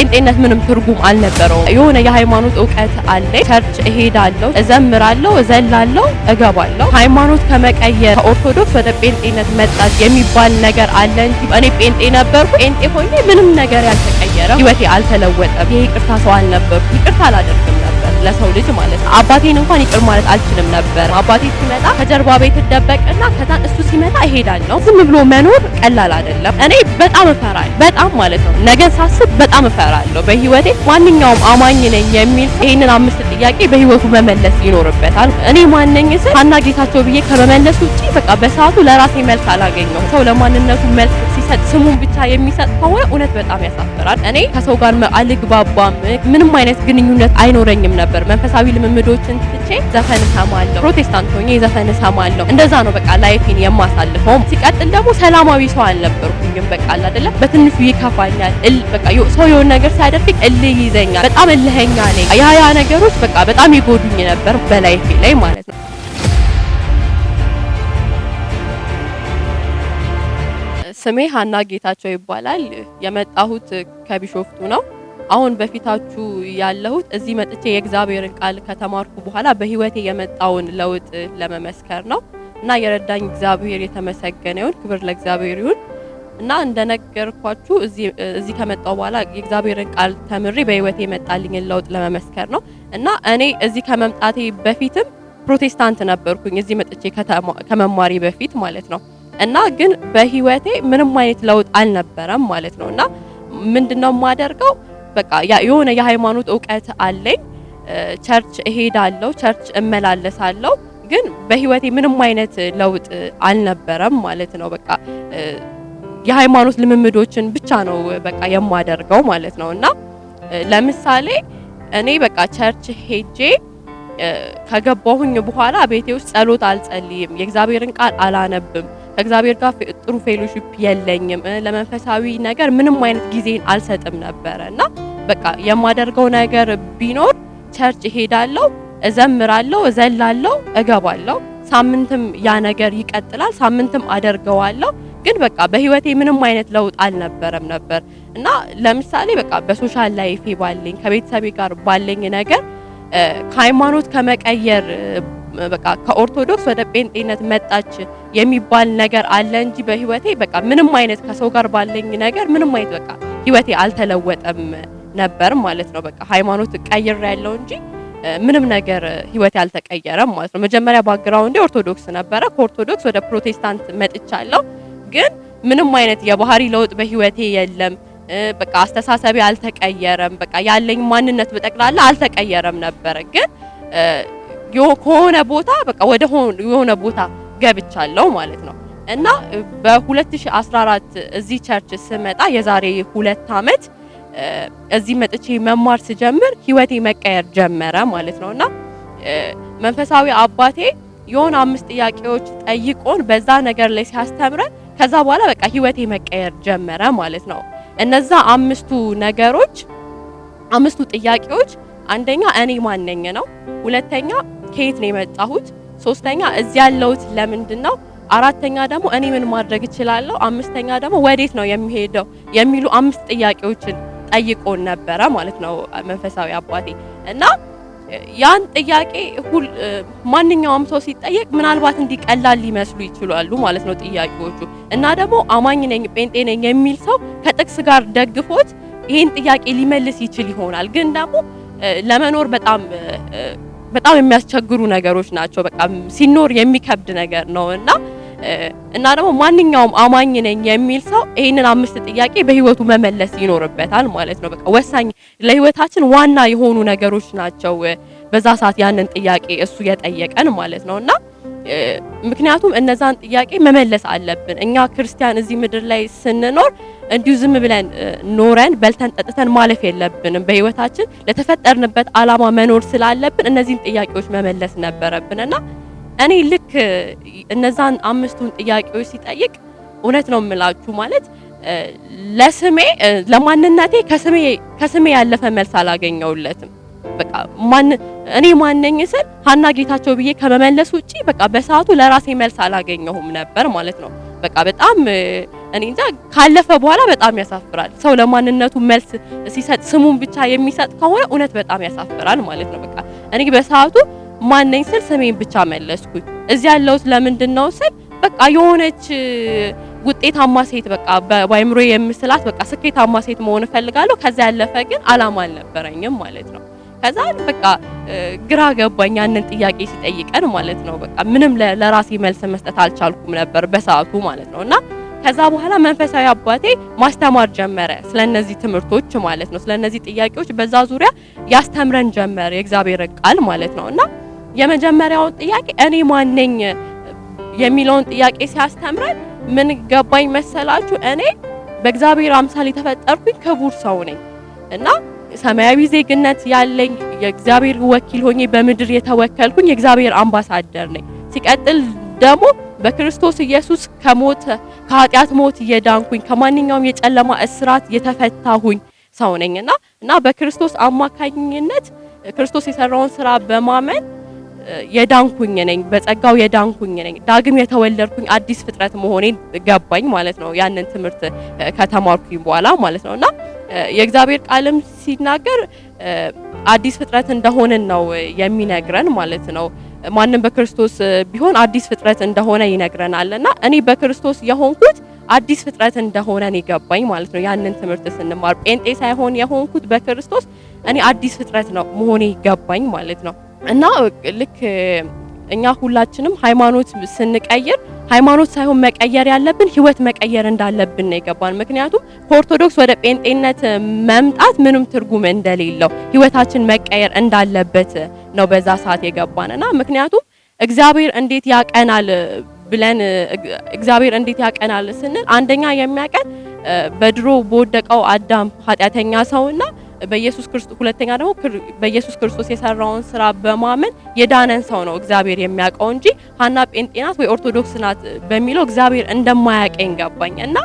ጴንጤነት ምንም ትርጉም አልነበረውም። የሆነ የሃይማኖት እውቀት አለ። ቸርች እሄዳለሁ፣ እዘምራለሁ፣ እዘላለሁ፣ እገባለሁ። ሃይማኖት ከመቀየር ከኦርቶዶክስ ወደ ጴንጤነት መጣት የሚባል ነገር አለ እንጂ እኔ ጴንጤ ነበርኩ ጴንጤ ሆኜ ምንም ነገር ያልተቀየረ ህይወቴ አልተለወጠም። ይሄ ይቅርታ ሰው አልነበርኩ፣ ይቅርታ አላደርግም ነበር ለሰው ልጅ ማለት ነው። አባቴን እንኳን ይቅር ማለት አልችልም ነበር። አባቴ ሲመጣ ከጀርባ ቤት ደበቅና ከዛ እሱ ሲመጣ ነው። ዝም ብሎ መኖር ቀላል አይደለም። እኔ በጣም እፈራለሁ፣ በጣም ማለት ነው። ነገን ሳስብ በጣም እፈራለሁ። በህይወቴ ማንኛውም አማኝ ነኝ የሚል ይህንን አምስት ጥያቄ በህይወቱ መመለስ ይኖርበታል። እኔ ማነኝ ስል ሀና ጌታቸው ብዬ ከመመለስ ውጭ በቃ በሰዓቱ ለራሴ መልስ አላገኘሁም። ሰው ለማንነቱ መልስ ሲሰጥ ስሙን ብቻ የሚሰጥ ከሆነ እውነት በጣም ያሳፍራል። እኔ ከሰው ጋር አልግባባም፣ ምንም አይነት ግንኙነት አይኖረኝም አልችልም ነበር። መንፈሳዊ ልምምዶችን ትቼ ዘፈን እሰማለሁ፣ ፕሮቴስታንት ሆኜ ዘፈን እሰማለሁ። እንደዛ ነው በቃ ላይፌን የማሳልፈው። ሲቀጥል ደግሞ ሰላማዊ ሰው አልነበርኩኝም። በቃ አይደለም በትንሹ ይከፋኛል። እል በቃ ሰው የሆነ ነገር ሲያደርግ እል ይዘኛል። በጣም እልህኛ ነኝ። ያ ያ ነገሮች በቃ በጣም ይጎዱኝ ነበር በላይፌ ላይ ማለት ነው። ስሜ ሀና ጌታቸው ይባላል። የመጣሁት ከቢሾፍቱ ነው። አሁን በፊታችሁ ያለሁት እዚህ መጥቼ የእግዚአብሔርን ቃል ከተማርኩ በኋላ በህይወቴ የመጣውን ለውጥ ለመመስከር ነው እና የረዳኝ እግዚአብሔር የተመሰገነ ይሁን። ክብር ለእግዚአብሔር ይሁን እና እንደነገርኳችሁ እዚህ ከመጣው በኋላ የእግዚአብሔርን ቃል ተምሬ በህይወቴ የመጣልኝን ለውጥ ለመመስከር ነው እና እኔ እዚህ ከመምጣቴ በፊትም ፕሮቴስታንት ነበርኩኝ። እዚህ መጥቼ ከመማሪ በፊት ማለት ነው እና ግን በህይወቴ ምንም አይነት ለውጥ አልነበረም ማለት ነው እና ምንድነው የማደርገው በቃ የሆነ የሃይማኖት እውቀት አለኝ፣ ቸርች እሄዳለሁ፣ ቸርች እመላለሳለሁ። ግን በህይወቴ ምንም አይነት ለውጥ አልነበረም ማለት ነው። በቃ የሃይማኖት ልምምዶችን ብቻ ነው በቃ የማደርገው ማለት ነው። እና ለምሳሌ እኔ በቃ ቸርች ሄጄ ከገባሁኝ በኋላ ቤቴ ውስጥ ጸሎት አልጸልይም፣ የእግዚአብሔርን ቃል አላነብም ከእግዚአብሔር ጋር ጥሩ ፌሎሺፕ የለኝም። ለመንፈሳዊ ነገር ምንም አይነት ጊዜን አልሰጥም ነበረ እና በቃ የማደርገው ነገር ቢኖር ቸርች እሄዳለሁ፣ እዘምራለሁ፣ እዘላለሁ፣ እገባለሁ። ሳምንትም ያ ነገር ይቀጥላል፣ ሳምንትም አደርገዋለሁ። ግን በቃ በህይወቴ ምንም አይነት ለውጥ አልነበረም ነበር እና ለምሳሌ በቃ በሶሻል ላይፌ ባለኝ ከቤተሰቤ ጋር ባለኝ ነገር ከሃይማኖት ከመቀየር በቃ ከኦርቶዶክስ ወደ ጴንጤነት መጣች የሚባል ነገር አለ እንጂ በህይወቴ በቃ ምንም አይነት ከሰው ጋር ባለኝ ነገር ምንም አይነት በቃ ህይወቴ አልተለወጠም ነበር ማለት ነው። በቃ ሃይማኖት ቀይር ያለው እንጂ ምንም ነገር ህይወቴ አልተቀየረም ማለት ነው። መጀመሪያ ባግራውንዴ ኦርቶዶክስ ነበረ። ከኦርቶዶክስ ወደ ፕሮቴስታንት መጥቻለሁ፣ ግን ምንም አይነት የባህሪ ለውጥ በህይወቴ የለም። በቃ አስተሳሰቤ አልተቀየረም። በቃ ያለኝ ማንነት በጠቅላላ አልተቀየረም ነበረ ግን ከሆነ ቦታ በቃ ወደ የሆነ ቦታ ገብቻለሁ ማለት ነው እና በ2014 እዚህ ቸርች ስመጣ የዛሬ ሁለት ዓመት እዚህ መጥቼ መማር ስጀምር ህይወቴ መቀየር ጀመረ ማለት ነው እና መንፈሳዊ አባቴ የሆነ አምስት ጥያቄዎች ጠይቆን በዛ ነገር ላይ ሲያስተምረን ከዛ በኋላ በቃ ህይወቴ መቀየር ጀመረ ማለት ነው። እነዛ አምስቱ ነገሮች አምስቱ ጥያቄዎች አንደኛ እኔ ማን ነኝ ነው። ሁለተኛ ከየት ነው የመጣሁት፣ ሶስተኛ እዚህ ያለሁት ለምንድን ነው፣ አራተኛ ደግሞ እኔ ምን ማድረግ እችላለሁ፣ አምስተኛ ደግሞ ወዴት ነው የሚሄደው የሚሉ አምስት ጥያቄዎችን ጠይቆን ነበረ ማለት ነው መንፈሳዊ አባቴ እና ያን ጥያቄ ማንኛውም ሰው ሲጠየቅ ምናልባት እንዲቀላል ሊመስሉ ይችላሉ ማለት ነው ጥያቄዎቹ። እና ደግሞ አማኝ ነኝ ጴንጤ ነኝ የሚል ሰው ከጥቅስ ጋር ደግፎት ይህን ጥያቄ ሊመልስ ይችል ይሆናል። ግን ደግሞ ለመኖር በጣም በጣም የሚያስቸግሩ ነገሮች ናቸው። በቃ ሲኖር የሚከብድ ነገር ነው እና እና ደግሞ ማንኛውም አማኝ ነኝ የሚል ሰው ይህንን አምስት ጥያቄ በህይወቱ መመለስ ይኖርበታል ማለት ነው። በቃ ወሳኝ ለህይወታችን ዋና የሆኑ ነገሮች ናቸው። በዛ ሰዓት ያንን ጥያቄ እሱ የጠየቀን ማለት ነው እና ምክንያቱም እነዛን ጥያቄ መመለስ አለብን። እኛ ክርስቲያን እዚህ ምድር ላይ ስንኖር እንዲሁ ዝም ብለን ኖረን በልተን ጠጥተን ማለፍ የለብንም። በህይወታችን ለተፈጠርንበት አላማ መኖር ስላለብን እነዚህን ጥያቄዎች መመለስ ነበረብንና እኔ ልክ እነዛን አምስቱን ጥያቄዎች ሲጠይቅ እውነት ነው የምላችሁ ማለት ለስሜ ለማንነቴ ከስሜ ከስሜ ያለፈ መልስ አላገኘውለትም። በቃ ማን እኔ ማነኝ ስል ሀና ጌታቸው ብዬ ከመመለስ ውጪ በቃ በሰዓቱ ለራሴ መልስ አላገኘሁም ነበር ማለት ነው። በቃ በጣም እኔ እንጃ ካለፈ በኋላ በጣም ያሳፍራል። ሰው ለማንነቱ መልስ ሲሰጥ ስሙን ብቻ የሚሰጥ ከሆነ እውነት በጣም ያሳፍራል ማለት ነው። በቃ እኔ በሰዓቱ ማነኝ ስል ስሜን ብቻ መለስኩኝ። እዚህ ያለሁት ለምንድን ነው ስል በቃ የሆነች ውጤታማ ሴት በቃ በአይምሮ የምስላት በቃ ስኬታማ ሴት መሆን እፈልጋለሁ። ከዛ ያለፈ ግን አላማ አልነበረኝም ማለት ነው። ከዛ በቃ ግራ ገባኝ። ያንን ጥያቄ ሲጠይቀን ማለት ነው በቃ ምንም ለራሴ መልስ መስጠት አልቻልኩም ነበር በሰዓቱ ማለት ነው። እና ከዛ በኋላ መንፈሳዊ አባቴ ማስተማር ጀመረ፣ ስለነዚህ ትምህርቶች ማለት ነው፣ ስለነዚህ ጥያቄዎች በዛ ዙሪያ ያስተምረን ጀመረ የእግዚአብሔር ቃል ማለት ነው። እና የመጀመሪያውን ጥያቄ እኔ ማን ነኝ የሚለውን ጥያቄ ሲያስተምረን ምን ገባኝ መሰላችሁ? እኔ በእግዚአብሔር አምሳል የተፈጠርኩኝ ክቡር ሰው ነኝ እና ሰማያዊ ዜግነት ያለኝ የእግዚአብሔር ወኪል ሆኜ በምድር የተወከልኩኝ የእግዚአብሔር አምባሳደር ነኝ። ሲቀጥል ደግሞ በክርስቶስ ኢየሱስ ከሞት ከኃጢአት ሞት እየዳንኩኝ ከማንኛውም የጨለማ እስራት የተፈታሁኝ ሰው ነኝና እና በክርስቶስ አማካኝነት ክርስቶስ የሰራውን ስራ በማመን የዳንኩኝ ነኝ፣ በጸጋው የዳንኩኝ ነኝ፣ ዳግም የተወለድኩኝ አዲስ ፍጥረት መሆኔን ገባኝ ማለት ነው። ያንን ትምህርት ከተማርኩኝ በኋላ ማለት ነውና የእግዚአብሔር ቃልም ሲናገር አዲስ ፍጥረት እንደሆነን ነው የሚነግረን ማለት ነው። ማንም በክርስቶስ ቢሆን አዲስ ፍጥረት እንደሆነ ይነግረናል እና እኔ በክርስቶስ የሆንኩት አዲስ ፍጥረት እንደሆነ እኔ ገባኝ ማለት ነው። ያንን ትምህርት ስንማር ጴንጤ ሳይሆን የሆንኩት በክርስቶስ እኔ አዲስ ፍጥረት ነው መሆኔ ይገባኝ ማለት ነው። እና ልክ እኛ ሁላችንም ሃይማኖት ስንቀይር ሃይማኖት ሳይሆን መቀየር ያለብን ህይወት መቀየር እንዳለብን ነው የገባን። ምክንያቱም ከኦርቶዶክስ ወደ ጴንጤነት መምጣት ምንም ትርጉም እንደሌለው ህይወታችን መቀየር እንዳለበት ነው በዛ ሰዓት የገባን እና ምክንያቱም እግዚአብሔር እንዴት ያቀናል ብለን እግዚአብሔር እንዴት ያቀናል ስንል አንደኛ የሚያቀን በድሮ በወደቀው አዳም ኃጢአተኛ ሰውና በኢየሱስ ክርስቶስ ሁለተኛ ደግሞ በኢየሱስ ክርስቶስ የሰራውን ስራ በማመን የዳነን ሰው ነው እግዚአብሔር የሚያውቀው እንጂ ሀና ጴንጤ ናት ወይ ኦርቶዶክስ ናት በሚለው እግዚአብሔር እንደማያውቀኝ ገባኝ። እና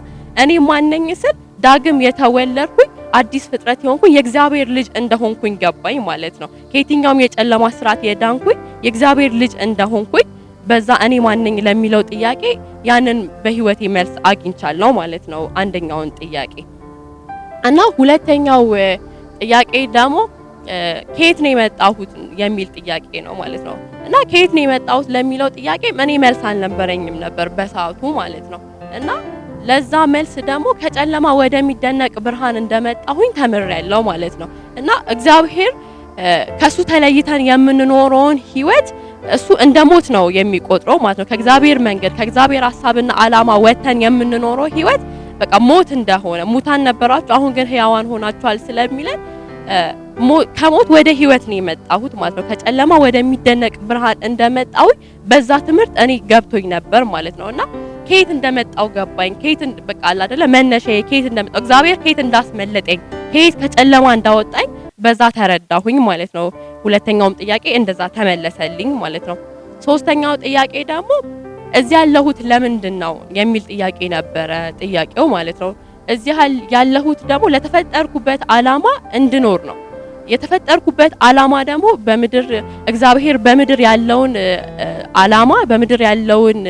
እኔ ማነኝ ስል ዳግም የተወለድኩኝ አዲስ ፍጥረት የሆንኩኝ የእግዚአብሔር ልጅ እንደሆንኩኝ ገባኝ ማለት ነው። ከየትኛውም የጨለማ ስርዓት የዳንኩኝ የእግዚአብሔር ልጅ እንደሆንኩኝ በዛ እኔ ማነኝ ለሚለው ጥያቄ ያንን በህይወቴ መልስ አግኝቻለሁ ማለት ነው። አንደኛውን ጥያቄ እና ሁለተኛው ጥያቄ ደግሞ ከየት ነው የመጣሁት የሚል ጥያቄ ነው ማለት ነው። እና ከየት ነው የመጣሁት ለሚለው ጥያቄ እኔ መልስ አልነበረኝም ነበር በሰዓቱ ማለት ነው። እና ለዛ መልስ ደግሞ ከጨለማ ወደሚደነቅ ብርሃን እንደመጣሁኝ ተምሬያለሁ ማለት ነው። እና እግዚአብሔር ከሱ ተለይተን የምንኖረውን ህይወት እሱ እንደ ሞት ነው የሚቆጥረው ማለት ነው። ከእግዚአብሔር መንገድ ከእግዚአብሔር ሀሳብና ዓላማ ወጥተን የምንኖረው ህይወት በቃ ሞት እንደሆነ ሙታን ነበራችሁ፣ አሁን ግን ህያዋን ሆናችኋል ስለሚለን ከሞት ወደ ህይወት ነው የመጣሁት ማለት ነው። ከጨለማ ወደሚደነቅ ብርሃን እንደመጣሁ በዛ ትምህርት እኔ ገብቶኝ ነበር ማለት ነውና ከየት እንደመጣው ገባኝ። ከየት በቃ አለ አይደለ መነሻዬ ከየት እንደመጣው እግዚአብሔር ከየት እንዳስመለጠኝ ከየት ከጨለማ እንዳወጣኝ በዛ ተረዳሁኝ ማለት ነው። ሁለተኛውም ጥያቄ እንደዛ ተመለሰልኝ ማለት ነው። ሶስተኛው ጥያቄ ደግሞ እዚህ ያለሁት ለምንድን ነው የሚል ጥያቄ ነበረ ጥያቄው ማለት ነው። እዚህ ያለሁት ደግሞ ለተፈጠርኩበት አላማ እንድኖር ነው። የተፈጠርኩበት አላማ ደግሞ በምድር እግዚአብሔር በምድር ያለውን አላማ በምድር ያለውን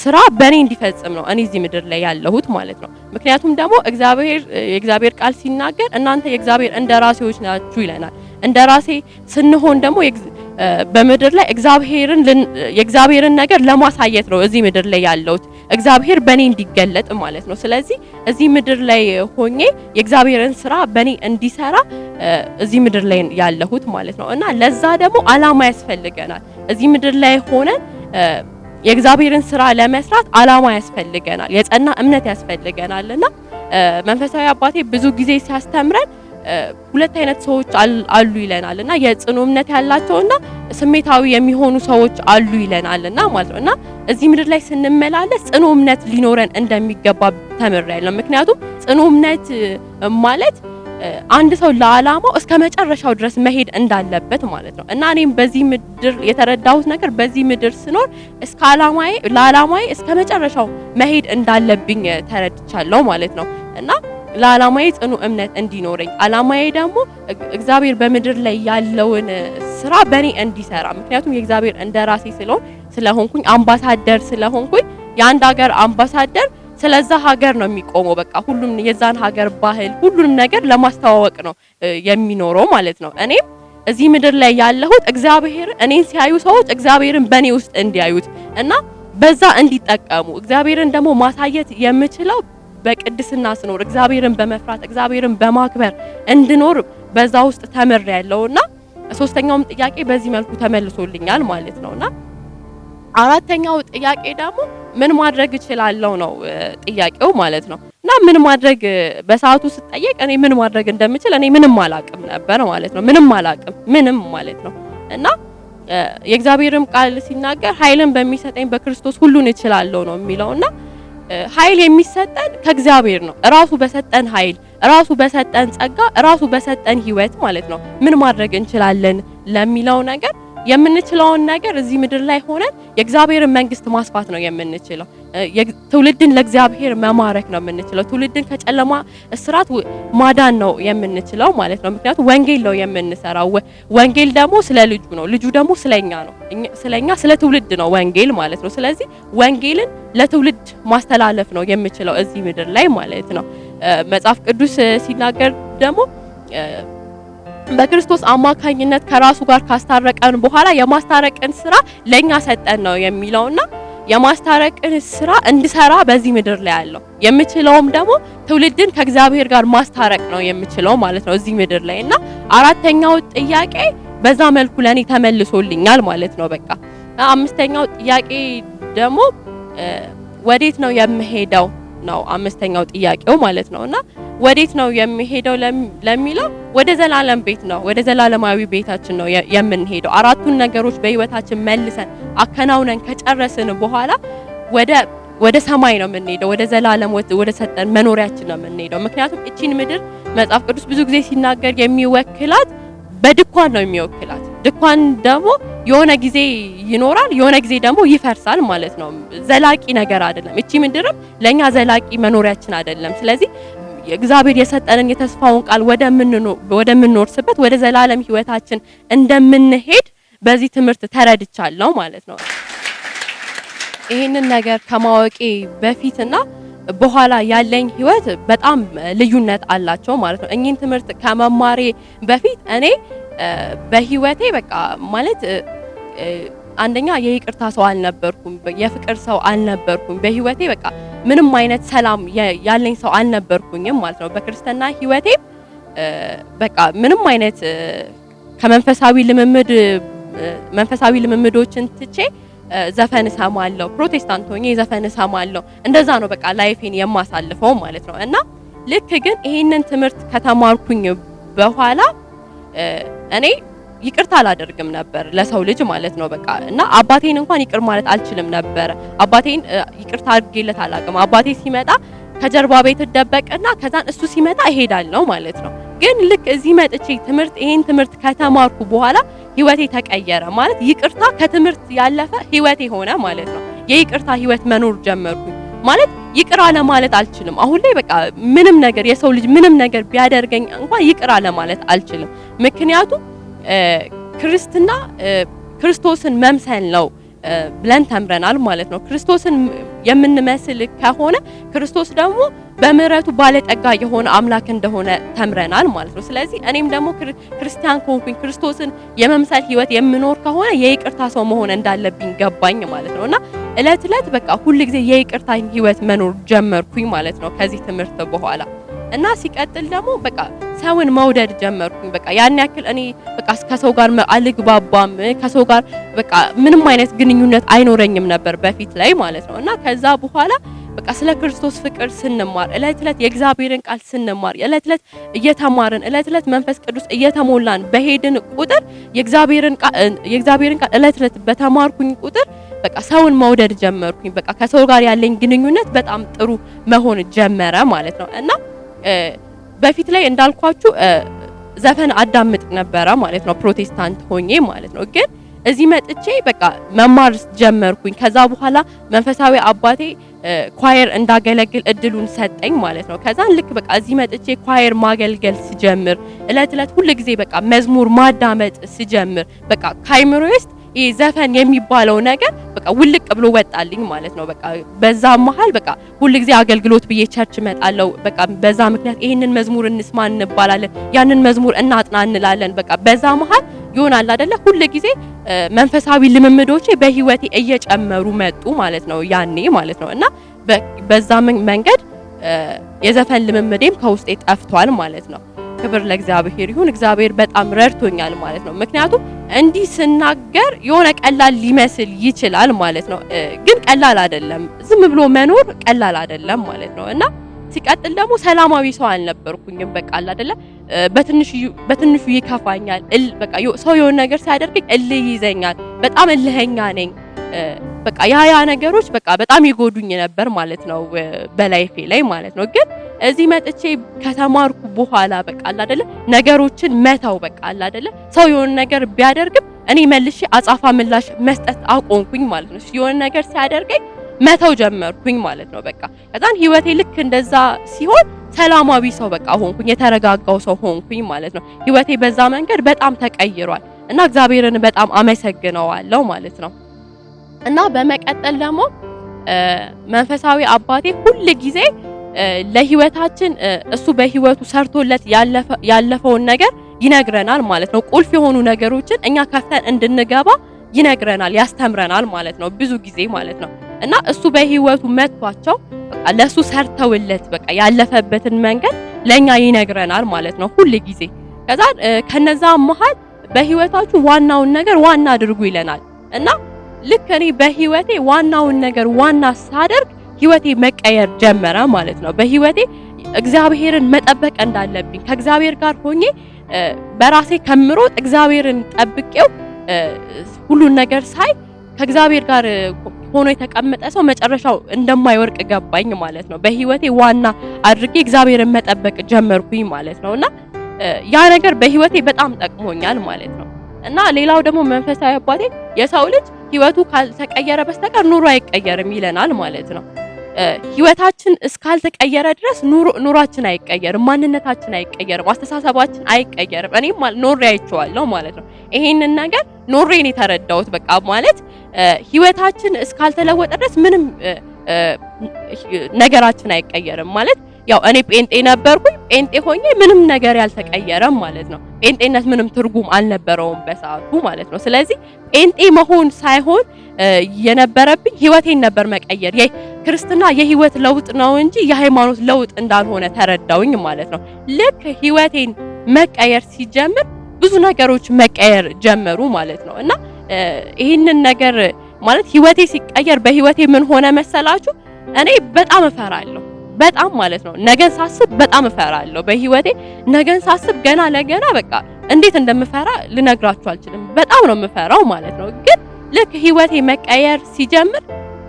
ስራ በእኔ እንዲፈጽም ነው እኔ እዚህ ምድር ላይ ያለሁት ማለት ነው። ምክንያቱም ደግሞ እግዚአብሔር የእግዚአብሔር ቃል ሲናገር እናንተ የእግዚአብሔር እንደራሴዎች ናችሁ ይለናል። እንደራሴ ስንሆን ደግሞ በምድር ላይ እግዚአብሔርን የእግዚአብሔርን ነገር ለማሳየት ነው እዚህ ምድር ላይ ያለሁት እግዚአብሔር በእኔ እንዲገለጥ ማለት ነው። ስለዚህ እዚህ ምድር ላይ ሆኜ የእግዚአብሔርን ስራ በእኔ እንዲሰራ እዚህ ምድር ላይ ያለሁት ማለት ነው እና ለዛ ደግሞ አላማ ያስፈልገናል። እዚህ ምድር ላይ ሆነን የእግዚአብሔርን ስራ ለመስራት አላማ ያስፈልገናል፣ የጸና እምነት ያስፈልገናል እና መንፈሳዊ አባቴ ብዙ ጊዜ ሲያስተምረን ሁለት አይነት ሰዎች አሉ ይለናል እና የጽኑ እምነት ያላቸውና ስሜታዊ የሚሆኑ ሰዎች አሉ ይለናል እና ማለት ነው እና እዚህ ምድር ላይ ስንመላለስ ጽኑ እምነት ሊኖረን እንደሚገባ ተምሬያለሁ። ምክንያቱም ጽኑ እምነት ማለት አንድ ሰው ለዓላማው እስከ መጨረሻው ድረስ መሄድ እንዳለበት ማለት ነው እና እኔም በዚህ ምድር የተረዳሁት ነገር በዚህ ምድር ስኖር እስከ ዓላማዬ ለዓላማዬ እስከ መጨረሻው መሄድ እንዳለብኝ ተረድቻለሁ ማለት ነው እና ለዓላማዬ ጽኑ እምነት እንዲኖረኝ ዓላማዬ ደግሞ እግዚአብሔር በምድር ላይ ያለውን ስራ በእኔ እንዲሰራ ምክንያቱም የእግዚአብሔር እንደራሴ ስለሆን ስለሆንኩኝ አምባሳደር ስለሆንኩኝ የአንድ ሀገር አምባሳደር ስለዛ ሀገር ነው የሚቆመው። በቃ ሁሉም የዛን ሀገር ባህል፣ ሁሉንም ነገር ለማስተዋወቅ ነው የሚኖረው ማለት ነው። እኔም እዚህ ምድር ላይ ያለሁት እግዚአብሔር እኔን ሲያዩ ሰዎች እግዚአብሔርን በእኔ ውስጥ እንዲያዩት እና በዛ እንዲጠቀሙ እግዚአብሔርን ደግሞ ማሳየት የምችለው በቅድስና ስኖር እግዚአብሔርን በመፍራት እግዚአብሔርን በማክበር እንድኖር በዛ ውስጥ ተምር ያለውና ሶስተኛውም ጥያቄ በዚህ መልኩ ተመልሶልኛል ማለት ነውና አራተኛው ጥያቄ ደግሞ ምን ማድረግ እችላለሁ ነው ጥያቄው ማለት ነው። እና ምን ማድረግ በሰዓቱ ስጠየቅ እኔ ምን ማድረግ እንደምችል እኔ ምንም አላቅም ነበር ማለት ነው። ምንም አላቅም ምንም ማለት ነው እና የእግዚአብሔርም ቃል ሲናገር ኃይልን በሚሰጠኝ በክርስቶስ ሁሉን እችላለሁ ነው የሚለውና ኃይል የሚሰጠን ከእግዚአብሔር ነው። ራሱ በሰጠን ኃይል፣ ራሱ በሰጠን ጸጋ፣ ራሱ በሰጠን ህይወት ማለት ነው። ምን ማድረግ እንችላለን ለሚለው ነገር የምንችለውን ነገር እዚህ ምድር ላይ ሆነን የእግዚአብሔርን መንግስት ማስፋት ነው የምንችለው። ትውልድን ለእግዚአብሔር መማረክ ነው የምንችለው። ትውልድን ከጨለማ እስራት ማዳን ነው የምንችለው ማለት ነው። ምክንያቱም ወንጌል ነው የምንሰራው። ወንጌል ደግሞ ስለ ልጁ ነው፣ ልጁ ደግሞ ስለኛ ነው። ስለኛ ስለ ትውልድ ነው ወንጌል ማለት ነው። ስለዚህ ወንጌልን ለትውልድ ማስተላለፍ ነው የምችለው እዚህ ምድር ላይ ማለት ነው። መጽሐፍ ቅዱስ ሲናገር ደግሞ በክርስቶስ አማካኝነት ከራሱ ጋር ካስታረቀን በኋላ የማስታረቅን ስራ ለኛ ሰጠን ነው የሚለውና የማስታረቅን ስራ እንድሰራ በዚህ ምድር ላይ አለው። የምችለውም ደግሞ ትውልድን ከእግዚአብሔር ጋር ማስታረቅ ነው የምችለው ማለት ነው እዚህ ምድር ላይ እና አራተኛው ጥያቄ በዛ መልኩ ለእኔ ተመልሶልኛል ማለት ነው። በቃ አምስተኛው ጥያቄ ደግሞ ወዴት ነው የምሄደው ነው አምስተኛው ጥያቄው ማለት ነው እና ወዴት ነው የሚሄደው ለሚለው ወደ ዘላለም ቤት ነው፣ ወደ ዘላለማዊ ቤታችን ነው የምንሄደው። አራቱን ነገሮች በህይወታችን መልሰን አከናውነን ከጨረስን በኋላ ወደ ወደ ሰማይ ነው የምንሄደው፣ ወደ ዘላለም ወደ ሰጠን መኖሪያችን ነው የምንሄደው። ምክንያቱም እቺን ምድር መጽሐፍ ቅዱስ ብዙ ጊዜ ሲናገር የሚወክላት በድኳን ነው የሚወክላት። ድኳን ደግሞ የሆነ ጊዜ ይኖራል፣ የሆነ ጊዜ ደግሞ ይፈርሳል ማለት ነው። ዘላቂ ነገር አይደለም። እቺ ምድርም ለኛ ዘላቂ መኖሪያችን አይደለም። ስለዚህ እግዚአብሔር የሰጠንን የተስፋውን ቃል ወደምንወርስበት ወደ ዘላለም ህይወታችን እንደምንሄድ በዚህ ትምህርት ተረድቻለሁ ማለት ነው። ይህንን ነገር ከማወቄ በፊትና በኋላ ያለኝ ህይወት በጣም ልዩነት አላቸው ማለት ነው። እኚህን ትምህርት ከመማሬ በፊት እኔ በህይወቴ በቃ ማለት አንደኛ የይቅርታ ሰው አልነበርኩም፣ የፍቅር ሰው አልነበርኩም። በህይወቴ በቃ ምንም አይነት ሰላም ያለኝ ሰው አልነበርኩኝም ማለት ነው። በክርስትና ህይወቴ በቃ ምንም አይነት ከመንፈሳዊ ልምምድ መንፈሳዊ ልምምዶችን ትቼ ዘፈን እሰማለሁ፣ ፕሮቴስታንት ሆኜ ዘፈን እሰማለሁ። እንደዛ ነው በቃ ላይፌን የማሳልፈው ማለት ነው። እና ልክ ግን ይሄንን ትምህርት ከተማርኩኝ በኋላ እኔ ይቅርታ አላደርግም ነበር ለሰው ልጅ ማለት ነው በቃ እና አባቴን እንኳን ይቅር ማለት አልችልም ነበር። አባቴን ይቅርታ አድርጌለት አላውቅም። አባቴ ሲመጣ ከጀርባ ቤት እደበቅና ከዛን እሱ ሲመጣ ነው ማለት ነው። ግን ልክ እዚህ መጥቼ ትምህርት ይሄን ትምህርት ከተማርኩ በኋላ ህይወቴ ተቀየረ ማለት ይቅርታ ከትምህርት ያለፈ ህይወቴ ሆነ ማለት ነው። የይቅርታ ህይወት መኖር ጀመርኩ ማለት ይቅር አለ ማለት አልችልም። አሁን ላይ በቃ ምንም ነገር የሰው ልጅ ምንም ነገር ቢያደርገኝ እንኳን ይቅር አለ ማለት አልችልም ምክንያቱም ክርስትና ክርስቶስን መምሰል ነው ብለን ተምረናል ማለት ነው። ክርስቶስን የምንመስል ከሆነ ክርስቶስ ደግሞ በምሕረቱ ባለጠጋ የሆነ አምላክ እንደሆነ ተምረናል ማለት ነው። ስለዚህ እኔም ደግሞ ክርስቲያን ከሆንኩኝ ክርስቶስን የመምሰል ህይወት የምኖር ከሆነ የይቅርታ ሰው መሆን እንዳለብኝ ገባኝ ማለት ነው እና እለት እለት በቃ ሁል ጊዜ የይቅርታ ህይወት መኖር ጀመርኩኝ ማለት ነው ከዚህ ትምህርት በኋላ እና ሲቀጥል ደግሞ በቃ ሰውን መውደድ ጀመርኩኝ። በቃ ያን ያክል እኔ በቃ ከሰው ጋር አልግባባም፣ ከሰው ጋር በቃ ምንም አይነት ግንኙነት አይኖረኝም ነበር በፊት ላይ ማለት ነው። እና ከዛ በኋላ በቃ ስለ ክርስቶስ ፍቅር ስንማር እለት እለት የእግዚአብሔርን ቃል ስንማር እለት እለት እየተማርን እለት እለት መንፈስ ቅዱስ እየተሞላን በሄድን ቁጥር የእግዚአብሔርን ቃል የእግዚአብሔርን ቃል እለት እለት በተማርኩኝ ቁጥር በቃ ሰውን መውደድ ጀመርኩኝ። በቃ ከሰው ጋር ያለኝ ግንኙነት በጣም ጥሩ መሆን ጀመረ ማለት ነው እና በፊት ላይ እንዳልኳችሁ ዘፈን አዳምጥ ነበረ ማለት ነው፣ ፕሮቴስታንት ሆኜ ማለት ነው። ግን እዚህ መጥቼ በቃ መማር ጀመርኩኝ። ከዛ በኋላ መንፈሳዊ አባቴ ኳየር እንዳገለግል እድሉን ሰጠኝ ማለት ነው። ከዛ ልክ በቃ እዚህ መጥቼ ኳየር ማገልገል ስጀምር እለት እለት ሁል ጊዜ በቃ መዝሙር ማዳመጥ ስጀምር በቃ ካይምሮ ውስጥ ይሄ ዘፈን የሚባለው ነገር በቃ ውልቅ ብሎ ወጣልኝ ማለት ነው። በቃ በዛ መሀል በቃ ጊዜ አገልግሎት ብዬ ቸርች እመጣለሁ። በቃ በዛ ምክንያት ይህንን መዝሙር እንስማ እንባላለን፣ ያንን መዝሙር እናጥና እንላለን። በቃ በዛ መሀል ይሆናል አይደለ ሁልጊዜ መንፈሳዊ ልምምዶቼ በህይወቴ እየጨመሩ መጡ ማለት ነው ያኔ ማለት ነው እና በዛ መንገድ የዘፈን ልምምዴም ከውስጤ ጠፍቷል ማለት ነው። ክብር ለእግዚአብሔር ይሁን። እግዚአብሔር በጣም ረድቶኛል ማለት ነው። ምክንያቱም እንዲህ ስናገር የሆነ ቀላል ሊመስል ይችላል ማለት ነው፣ ግን ቀላል አይደለም። ዝም ብሎ መኖር ቀላል አይደለም ማለት ነው እና ሲቀጥል ደግሞ ሰላማዊ ሰው አልነበርኩኝም። በቃ አለ አይደለ በትንሹ በትንሹ ይከፋኛል። በቃ ሰው የሆነ ነገር ሲያደርግ እልህ ይዘኛል። በጣም እልህኛ ነኝ። በቃ ያ ያ ነገሮች በቃ በጣም ይጎዱኝ ነበር ማለት ነው በላይፌ ላይ ማለት ነው። ግን እዚህ መጥቼ ከተማርኩ በኋላ በቃ አለ አይደለ ነገሮችን መተው በቃ አለ አይደለ ሰው የሆነ ነገር ቢያደርግም እኔ መልሼ አጻፋ ምላሽ መስጠት አቆንኩኝ ማለት ነው። የሆነ ነገር ሲያደርገኝ መተው ጀመርኩኝ ማለት ነው። በቃ ከዛን ህይወቴ ልክ እንደዛ ሲሆን ሰላማዊ ሰው በቃ ሆንኩኝ፣ የተረጋጋው ሰው ሆንኩኝ ማለት ነው። ህይወቴ በዛ መንገድ በጣም ተቀይሯል እና እግዚአብሔርን በጣም አመሰግነዋለሁ ማለት ነው። እና በመቀጠል ደግሞ መንፈሳዊ አባቴ ሁል ጊዜ ለህይወታችን እሱ በህይወቱ ሰርቶለት ያለፈውን ነገር ይነግረናል ማለት ነው። ቁልፍ የሆኑ ነገሮችን እኛ ከፍተን እንድንገባ ይነግረናል፣ ያስተምረናል ማለት ነው። ብዙ ጊዜ ማለት ነው እና እሱ በህይወቱ መጥቷቸው በቃ ለሱ ሰርተውለት በቃ ያለፈበትን መንገድ ለኛ ይነግረናል ማለት ነው ሁል ጊዜ። ከዛ ከነዛ መሀል በህይወታችሁ ዋናውን ነገር ዋና አድርጉ ይለናል እና ልክ እኔ በህይወቴ ዋናውን ነገር ዋና ሳደርግ ህይወቴ መቀየር ጀመረ ማለት ነው። በህይወቴ እግዚአብሔርን መጠበቅ እንዳለብኝ ከእግዚአብሔር ጋር ሆኜ በራሴ ከምሮጥ እግዚአብሔርን ጠብቄው ሁሉን ነገር ሳይ ከእግዚአብሔር ጋር ሆኖ የተቀመጠ ሰው መጨረሻው እንደማይወርቅ ገባኝ ማለት ነው። በህይወቴ ዋና አድርጌ እግዚአብሔርን መጠበቅ ጀመርኩኝ ማለት ነው። እና ያ ነገር በህይወቴ በጣም ጠቅሞኛል ማለት ነው። እና ሌላው ደግሞ መንፈሳዊ አባቴ የሰው ልጅ ህይወቱ ካልተቀየረ በስተቀር ኑሮ አይቀየርም ይለናል ማለት ነው። ህይወታችን እስካልተቀየረ ድረስ ኑሯችን አይቀየርም፣ ማንነታችን አይቀየርም፣ አስተሳሰባችን አይቀየርም። እኔም ኖሬ አይቼዋለሁ ማለት ነው። ይሄንን ነገር ኖሬን የተረዳሁት በቃ ማለት ህይወታችን እስካልተለወጠ ድረስ ምንም ነገራችን አይቀየርም ማለት ያው እኔ ጴንጤ ነበርኩኝ። ጴንጤ ሆኜ ምንም ነገር ያልተቀየረም ማለት ነው። ጴንጤነት ምንም ትርጉም አልነበረውም በሰዓቱ ማለት ነው። ስለዚህ ጴንጤ መሆን ሳይሆን የነበረብኝ ህይወቴን ነበር መቀየር። ክርስትና የህይወት ለውጥ ነው እንጂ የሃይማኖት ለውጥ እንዳልሆነ ተረዳውኝ ማለት ነው። ልክ ህይወቴን መቀየር ሲጀምር ብዙ ነገሮች መቀየር ጀመሩ ማለት ነው። እና ይህንን ነገር ማለት ህይወቴ ሲቀየር በህይወቴ ምን ሆነ መሰላችሁ? እኔ በጣም እፈራለሁ በጣም ማለት ነው። ነገን ሳስብ በጣም እፈራለሁ። በህይወቴ ነገን ሳስብ ገና ለገና በቃ እንዴት እንደምፈራ ልነግራችሁ አልችልም። በጣም ነው የምፈራው ማለት ነው። ግን ልክ ህይወቴ መቀየር ሲጀምር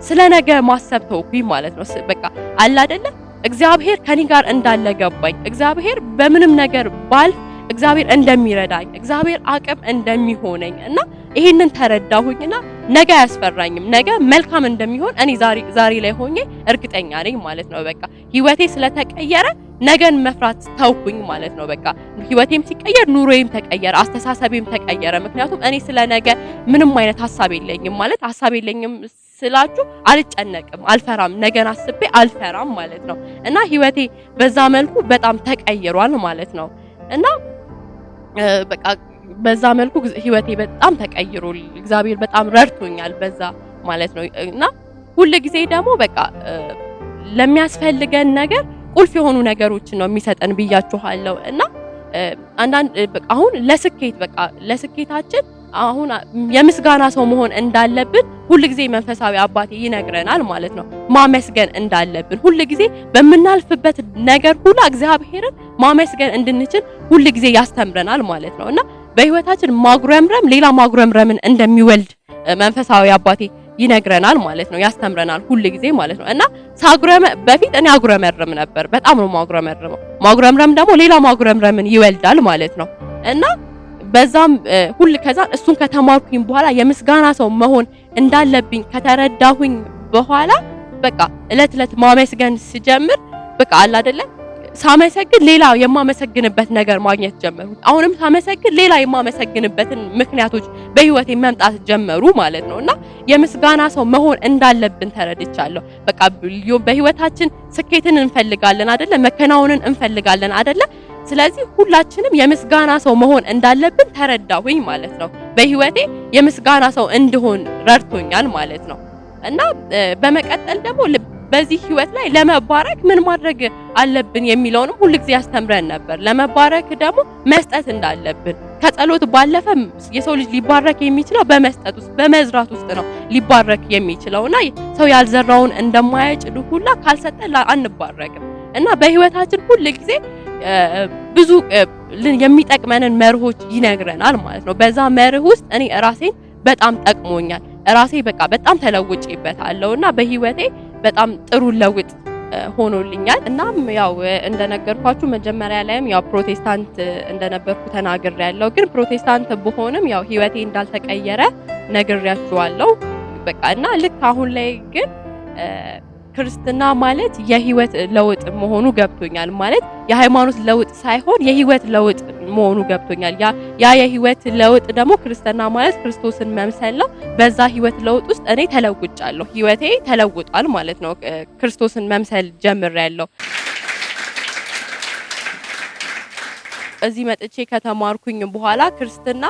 ስለ ነገ ማሰብ ተውኩኝ ማለት ነው። በቃ አለ አይደለ እግዚአብሔር ከኔ ጋር እንዳለ ገባኝ። እግዚአብሔር በምንም ነገር ባል እግዚአብሔር እንደሚረዳኝ እግዚአብሔር አቅም እንደሚሆነኝ እና ይሄንን ተረዳሁኝና ነገ አያስፈራኝም። ነገ መልካም እንደሚሆን እኔ ዛሬ ዛሬ ላይ ሆኜ እርግጠኛ ነኝ ማለት ነው። በቃ ህይወቴ ስለተቀየረ ነገን መፍራት ተውኩኝ ማለት ነው። በቃ ህይወቴም ሲቀየር ኑሮዬም ተቀየረ፣ አስተሳሰቤም ተቀየረ። ምክንያቱም እኔ ስለ ነገ ምንም አይነት ሀሳብ የለኝም ማለት ሀሳብ የለኝም ስላችሁ አልጨነቅም፣ አልፈራም። ነገን አስቤ አልፈራም ማለት ነው እና ህይወቴ በዛ መልኩ በጣም ተቀይሯል ማለት ነው እና በቃ በዛ መልኩ ህይወቴ በጣም ተቀይሮ እግዚአብሔር በጣም ረድቶኛል በዛ ማለት ነው። እና ሁል ጊዜ ደግሞ በቃ ለሚያስፈልገን ነገር ቁልፍ የሆኑ ነገሮችን ነው የሚሰጠን ብያችኋለሁ። እና አንዳንድ አሁን ለስኬት በቃ ለስኬታችን አሁን የምስጋና ሰው መሆን እንዳለብን ሁልጊዜ መንፈሳዊ አባቴ ይነግረናል ማለት ነው። ማመስገን እንዳለብን ሁልጊዜ በምናልፍበት ነገር ሁሉ እግዚአብሔርን ማመስገን እንድንችል ሁልጊዜ ያስተምረናል ማለት ነው እና በህይወታችን ማጉረምረም ሌላ ማጉረምረምን እንደሚወልድ መንፈሳዊ አባቴ ይነግረናል ማለት ነው። ያስተምረናል ጊዜ ማለት ነው እና ሳጉረመ በፊት እኔ አጉረመርም ነበር። በጣም ነው ማጉረመርመው። ማጉረምረም ደግሞ ሌላ ማጉረምረምን ይወልዳል ማለት ነው እና በዛም ሁል ከዛ እሱን ከተማርኩኝ በኋላ የምስጋና ሰው መሆን እንዳለብኝ ከተረዳሁኝ በኋላ በቃ እለት እለት ማመስገን ስጀምር በቃ አለ አይደለ ሳመሰግን ሌላ የማመሰግንበት ነገር ማግኘት ጀመሩ። አሁንም ሳመሰግን ሌላ የማመሰግንበትን ምክንያቶች በህይወቴ መምጣት ጀመሩ ማለት ነው እና የምስጋና ሰው መሆን እንዳለብን ተረድቻለሁ። በቃ በህይወታችን ስኬትን እንፈልጋለን አይደለ? መከናወንን እንፈልጋለን አይደለ? ስለዚህ ሁላችንም የምስጋና ሰው መሆን እንዳለብን ተረዳሁኝ ማለት ነው። በህይወቴ የምስጋና ሰው እንድሆን ረድቶኛል ማለት ነው እና በመቀጠል ደግሞ በዚህ ህይወት ላይ ለመባረክ ምን ማድረግ አለብን የሚለውንም ሁል ጊዜ ያስተምረን ነበር። ለመባረክ ደግሞ መስጠት እንዳለብን ከጸሎት ባለፈ የሰው ልጅ ሊባረክ የሚችለው በመስጠት ውስጥ በመዝራት ውስጥ ነው ሊባረክ የሚችለው እና ሰው ያልዘራውን እንደማያጭድ ሁላ ካልሰጠ አንባረክም እና በህይወታችን ሁልጊዜ ብዙ የሚጠቅመንን መርሆች ይነግረናል ማለት ነው። በዛ መርህ ውስጥ እኔ ራሴን በጣም ጠቅሞኛል። ራሴ በቃ በጣም ተለውጬበታለሁ እና በህይወቴ በጣም ጥሩ ለውጥ ሆኖልኛል። እናም ያው እንደነገርኳችሁ መጀመሪያ ላይም ያው ፕሮቴስታንት እንደነበርኩ ተናግሬያለሁ። ግን ፕሮቴስታንት ብሆንም ያው ህይወቴ እንዳልተቀየረ ነግሬያችኋለሁ። በቃ እና ልክ አሁን ላይ ግን ክርስትና ማለት የህይወት ለውጥ መሆኑ ገብቶኛል። ማለት የሃይማኖት ለውጥ ሳይሆን የህይወት ለውጥ መሆኑ ገብቶኛል። ያ ያ የህይወት ለውጥ ደግሞ ክርስትና ማለት ክርስቶስን መምሰል ነው። በዛ ህይወት ለውጥ ውስጥ እኔ ተለውጫለሁ። ህይወቴ ተለውጧል ማለት ነው። ክርስቶስን መምሰል ጀምሬያለሁ። እዚህ መጥቼ ከተማርኩኝ በኋላ ክርስትና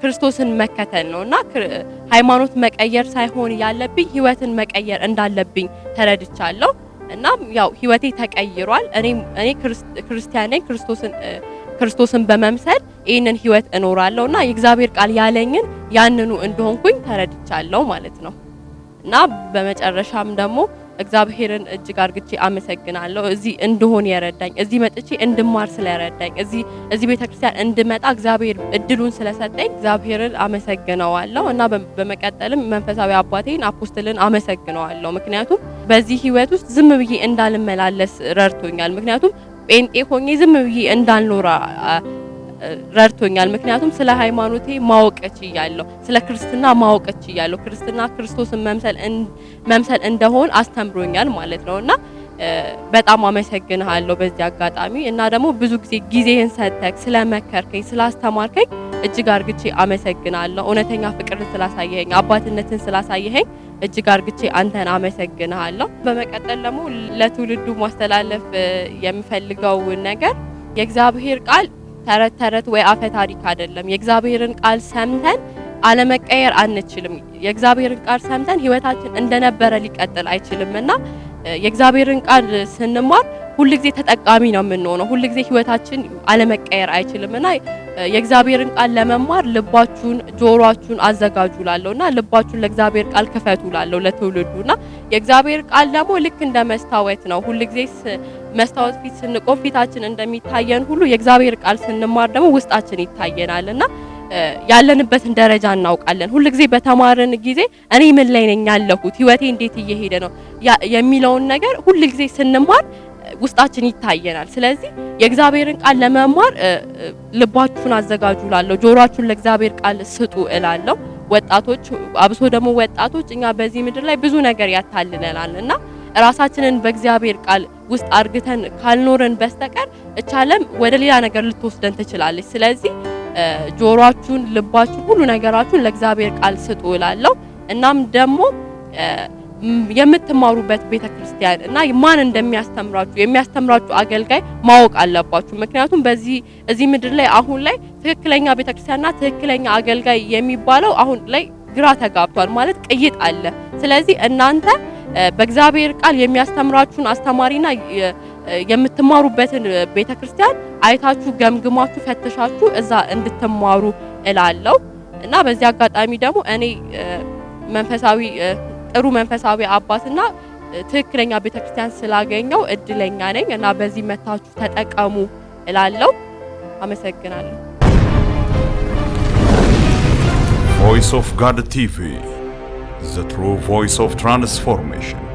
ክርስቶስን መከተል ነው እና ሃይማኖት መቀየር ሳይሆን ያለብኝ ህይወትን መቀየር እንዳለብኝ ተረድቻለሁ። እናም ያው ህይወቴ ተቀይሯል። እኔ ክርስቲያን ነኝ። ክርስቶስን በመምሰል ይህንን ህይወት እኖራለሁ እና የእግዚአብሔር ቃል ያለኝን ያንኑ እንደሆንኩኝ ተረድቻለሁ ማለት ነው እና በመጨረሻም ደግሞ እግዚአብሔርን እጅግ አርግቼ አመሰግናለሁ። እዚህ እንድሆን የረዳኝ፣ እዚህ መጥቼ እንድማር ስለረዳኝ፣ እዚህ እዚህ ቤተክርስቲያን እንድመጣ እግዚአብሔር እድሉን ስለሰጠኝ እግዚአብሔርን አመሰግነዋለሁ እና በመቀጠልም መንፈሳዊ አባቴን አፖስትልን አመሰግነዋለሁ። ምክንያቱም በዚህ ህይወት ውስጥ ዝም ብዬ እንዳልመላለስ ረድቶኛል። ምክንያቱም ጴንጤ ሆኜ ዝም ብዬ እንዳልኖራ ረድቶኛል። ምክንያቱም ስለ ሃይማኖቴ ማወቅ ችያለሁ፣ ስለ ክርስትና ማወቅ ችያለሁ። ክርስትና ክርስቶስን መምሰል እንደሆን አስተምሮኛል ማለት ነው እና በጣም አመሰግንሃለሁ በዚህ አጋጣሚ እና ደግሞ ብዙ ጊዜ ጊዜህን ሰጥተህ ስለመከርከኝ ስላስተማርከኝ እጅግ አርግቼ አመሰግናለሁ። እውነተኛ ፍቅር ስላሳየኸኝ፣ አባትነትን ስላሳየኸኝ እጅግ አርግቼ አንተን አመሰግንሃለሁ። በመቀጠል ደግሞ ለትውልዱ ማስተላለፍ የምፈልገው ነገር የእግዚአብሔር ቃል ተረት ተረት ወይ አፈ ታሪክ አይደለም። የእግዚአብሔርን ቃል ሰምተን አለመቀየር አንችልም። የእግዚአብሔርን ቃል ሰምተን ህይወታችን እንደነበረ ሊቀጥል አይችልምና የእግዚአብሔርን ቃል ስንማር ሁልጊዜ ተጠቃሚ ነው የምንሆነው። ሁልጊዜ ህይወታችን አለመቀየር አይችልም እና የእግዚአብሔርን ቃል ለመማር ልባችሁን፣ ጆሮአችሁን አዘጋጁ ላለሁ እና ልባችሁን ለእግዚአብሔር ቃል ክፈቱ ላለሁ ለትውልዱ እና የእግዚአብሔር ቃል ደግሞ ልክ እንደ መስታወት ነው። ሁልጊዜ መስታወት ፊት ስንቆም ፊታችን እንደሚታየን ሁሉ የእግዚአብሔር ቃል ስንማር ደግሞ ውስጣችን ይታየናል እና ያለንበትን ደረጃ እናውቃለን። ሁልጊዜ በተማርን ጊዜ እኔ ምን ላይ ነኝ ያለሁት፣ ህይወቴ እንዴት እየሄደ ነው የሚለውን ነገር ሁልጊዜ ስንማር ውስጣችን ይታየናል። ስለዚህ የእግዚአብሔርን ቃል ለመማር ልባችሁን አዘጋጁ እላለሁ። ጆሮአችሁን ለእግዚአብሔር ቃል ስጡ እላለሁ። ወጣቶች አብሶ ደግሞ ወጣቶች እኛ በዚህ ምድር ላይ ብዙ ነገር ያታልለናል እና ራሳችንን በእግዚአብሔር ቃል ውስጥ አርግተን ካልኖረን በስተቀር እቻለም ወደ ሌላ ነገር ልትወስደን ትችላለች። ስለዚህ ጆሮአችሁን፣ ልባችሁን፣ ሁሉ ነገራችሁን ለእግዚአብሔር ቃል ስጡ እላለሁ። እናም ደግሞ የምትማሩበት ቤተ ክርስቲያን እና ማን እንደሚያስተምራችሁ የሚያስተምራችሁ አገልጋይ ማወቅ አለባችሁ። ምክንያቱም በዚህ እዚህ ምድር ላይ አሁን ላይ ትክክለኛ ቤተ ክርስቲያንና ትክክለኛ አገልጋይ የሚባለው አሁን ላይ ግራ ተጋብቷል። ማለት ቅይጥ አለ። ስለዚህ እናንተ በእግዚአብሔር ቃል የሚያስተምራችሁን አስተማሪና የምትማሩበትን ቤተ ክርስቲያን አይታችሁ ገምግማችሁ ፈትሻችሁ እዛ እንድትማሩ እላለሁ እና በዚህ አጋጣሚ ደግሞ እኔ መንፈሳዊ ጥሩ መንፈሳዊ አባትና ትክክለኛ ቤተክርስቲያን ስላገኘው እድለኛ ነኝ እና በዚህ መታችሁ ተጠቀሙ እላለሁ። አመሰግናለሁ። ቮይስ ኦፍ ጋድ ቲቪ ዘ ትሩ ቮይስ ኦፍ ትራንስፎርሜሽን